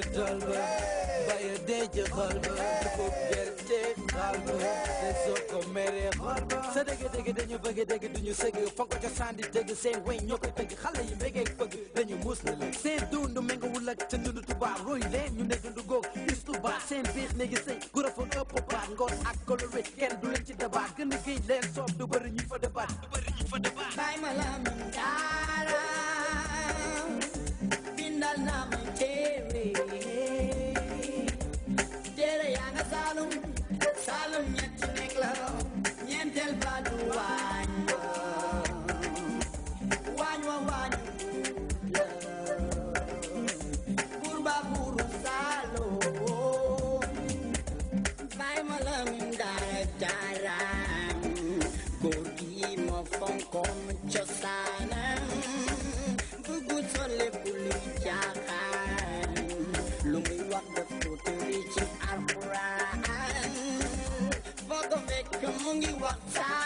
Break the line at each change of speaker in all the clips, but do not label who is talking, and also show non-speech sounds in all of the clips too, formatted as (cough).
tol ba bàyyi dee ci xol ba dafa gerte xaal ba te soo ko meree xol ba sa dëgg dëgg dañu bëgg dëgg duñu sëgg fonk ca sandi dëgg seen weñ ñoo ko tëgg xale yi mbégeeg bëgg dañu muus la lëg seen dund méngawul ak ca dundu tubaab roy leen ñu ne dundu góog gis tubaab seen biir néegi sëy gu raful ëpp baat ngoon ak koloré kenn du leen ci dabaat gën a géej leen soob du bëri ñu fa dabaat du bëri ñu fa dabaat bàyyi ma la mun daara bindal naa ma rock time.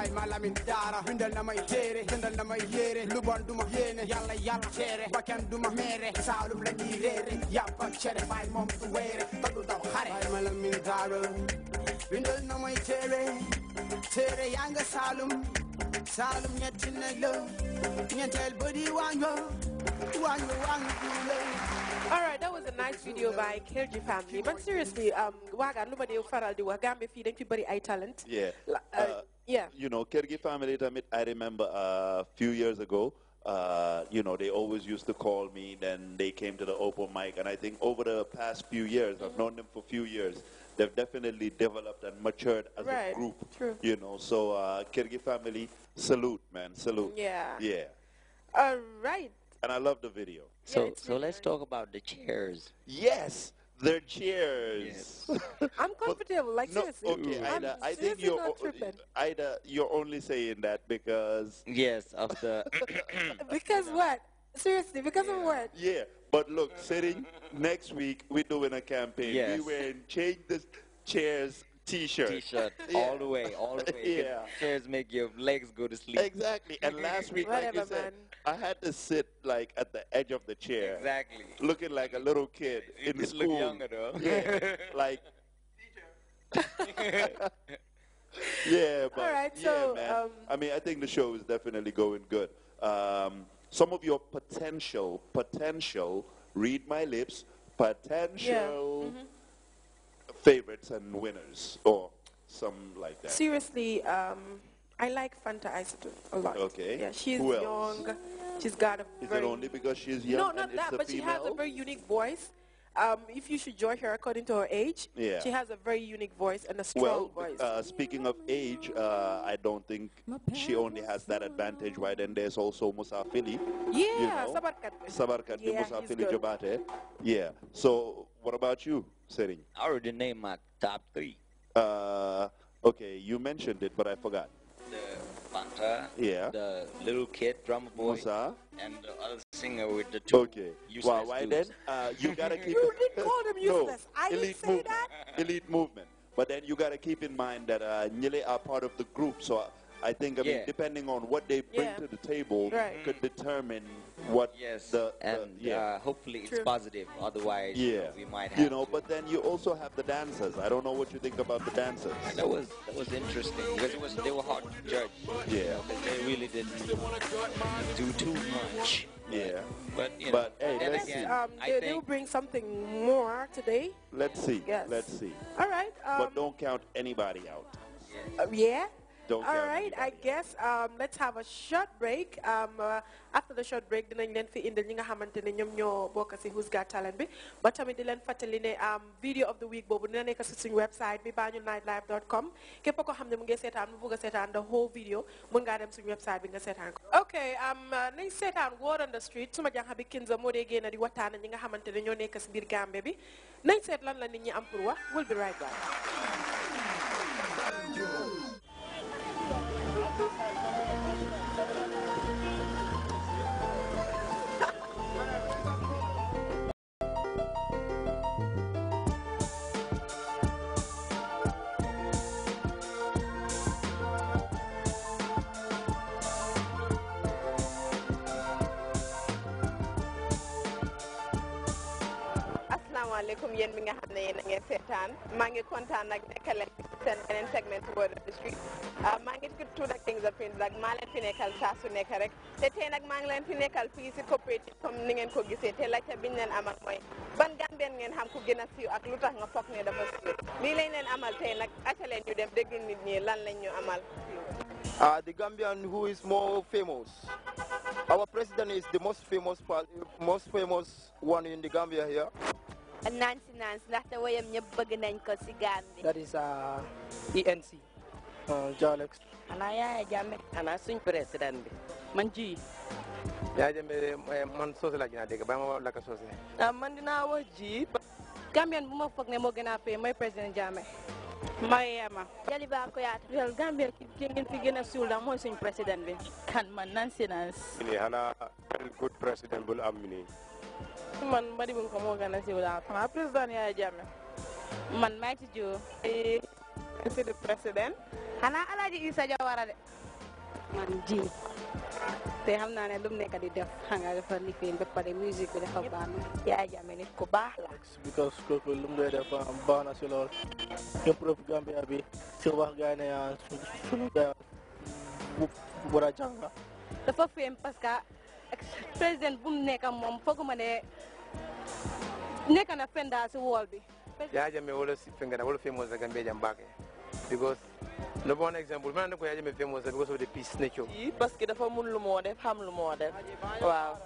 bàyyi ma lamin daara bindal na may téere jëndal na may yéere lu bon du ma yàlla yàlla teere bakkan du ma meere la ñuy réere yàpp ak cere bàyyi moom du weere te du daw xare bàyyi ma lamin daara bindal na may téere téere yaa nga saalum saalum ñetti nag la ñetteel ba di waañ wa
All right, that was a nice video by Kirji family. But seriously, um, wagan lumade faral di wagam if you think you body eye talent.
Yeah. Uh, uh, yeah. You know, Kirgi family I remember a uh, few years ago, uh, you know, they always used to call me. Then they came to the open mic, and I think over the past few years, mm -hmm. I've mm-hmm. known them for a few years. They've definitely developed and matured as right. a group. True. You know, so uh, Kirgi family, salute, man, salute. Yeah. Yeah. All right. And I love the video. So, yeah, so let's talk about the chairs. Yes. Their chairs. Yes.
(laughs) I'm comfortable, like no, seriously. Okay, Ida, I'm i think you're not tripping.
Ida, you're only saying that because yes, after (coughs)
(coughs) because (coughs) what? Seriously, because yeah. of
what? Yeah, but look, sitting next week we're doing a campaign. Yes. We were in change the chairs T-shirt. T-shirt (laughs) yeah. all the way, all the way. Yeah. make your legs go to sleep. Exactly. And (laughs) last week, Whatever, like you said, man. I had to sit like at the edge of the chair. Exactly. Looking like a little kid you in the school. Look younger though. Yeah. (laughs) like. yeah, but all right, so, yeah, man. Um, I mean, I think the show is definitely going good. Um, some of your potential, potential, read my lips, potential. Yeah. Mm -hmm favorites and winners or some like that?
Seriously, um, I like Fanta Isatou a
lot. Okay. Yeah, she's young. She's got
a Is very... it only
because she's young? No, not that, but female? she has a
very unique voice. Um, if you should judge her according to her age, yeah. she has a very unique voice and a strong well, voice. Uh,
speaking of age, uh, I don't think she only has that advantage. Why then there's also Musafili. Yeah, you know?
yeah, Musafili
Jabate. Yeah. So what about you, Sering? I already named my top three. Uh, okay, you mentioned it, but I forgot. The Panta, yeah. the little kid drummer boy, Musa. and the other singer with the two. Okay. Well, why dudes. then? Uh, you (laughs) gotta keep. you
did call them (laughs) useless. No, I didn't say movement.
that. (laughs) Elite movement. But then you gotta keep in mind that uh, Nyele are part of the group, so. Uh, I think I yeah. mean depending on what they bring yeah. to the table right. could determine what yes. the, the and yeah. uh, hopefully True. it's positive. Otherwise, yeah. You know, we might have you know. To. But then you also have the dancers. I don't know what you think about the dancers. And that was that was interesting because it was they were hard to judge. Yeah, you know, they really didn't do too much. Yeah. But, you know, but hey, and let's see. Um, they do
bring something more today. Let's see. Yes. Let's see. All right. Um, but
don't count anybody out. Uh, yeah, don't All right,
I guess um, let's have a short break. Um, uh, after the short break, dinañ leen fi indil ñi nga xamante ne ñoom ñoo bokk ci Who's Got Talent bi ba tamit di leen fàttali ne um, video of the week boobu dina nekk ci suñu website bi banjulnightlife.com képp ko xam ne mu ngi seetaan mu bëgg a the whole video mën ngaa dem suñu website bi nga seetaan ko. ok um, uh, nañ seetaan Word on the Street suma jang bi Kinza moo dee génn di waxtaan ñi nga xamante ne ñoo nekk ci biir Gambie bi nañ seet lan la nit ñi am pour wax we'll be right back. asalaamaaleykum yéen bi nga xam ne yéen a ngi seetaan maa ngi kontaan nag nekkal leen seen beneen segment word of the street ah, maa ngi tudd ak Kings of Queens nag maa leen fi nekkal saa su nekk rek te tey nag maa ngi leen fi nekkal fii si coopérative comme ni ngeen ko gisee te laajte biñ leen amal mooy ban Gambien ngeen xam ku gën a siiw ak lu tax nga foog ne dafa siiw lii lañ leen amal tey nag acaleen ñu dem déglu nit ñi lan lañ ñu amal
Uh, the Gambian who is more famous. Our president is the most famous, most famous one in the Gambia here.
Nancy Nancy ndaxte woyam ñëpp bëgg nañ ko si Gambie. that is uh, ENC. Uh, Jalex. xanaa Yaya Jammeh xanaa suñ président bi
man ji. Yaya Jammeh eh, eh, man soose laa gën a dégg ba ma la ko soose. ah man dinaa wax ji. Gambien bu ma foog ne moo gën a fee mooy président Jammeh. Mariama Jaliba Kuyata yow Gambia ki ngeen gën a suul daal mooy suñ président bi. kan man Nancy Nancy. nii xanaa good président bul am nii. man bari bu ko moo gën a siiw président man maa ci jiw monsieur le président xanaa alaji isa Jawara de man ji te xam naa ne nekk di def xam nga dafa liggéey ba musique
bi dafa jamme nit ko baax la
because kooku lu mu doy def baax na si lool prof Gambia bi si wax gaa ne suñu gaa bu
bu dafa parce que président nekk nekk na fenda wol bi. wala wala because bon exemple because of the peace yi parce que dafa mun lu def xam lu def waaw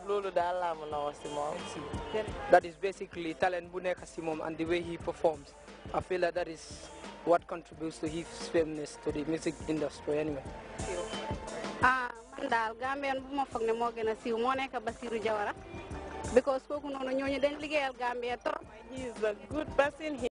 that is basically talent bu nekk and the way he performs I feel that that is what contributes to his fairness to the music industry anyway.
daal Gambien bu ma foog ne moo a siiw moo nekk Basirou Jawara because kooku noonu ñooñu dañ liggéeyal Gambia trop. he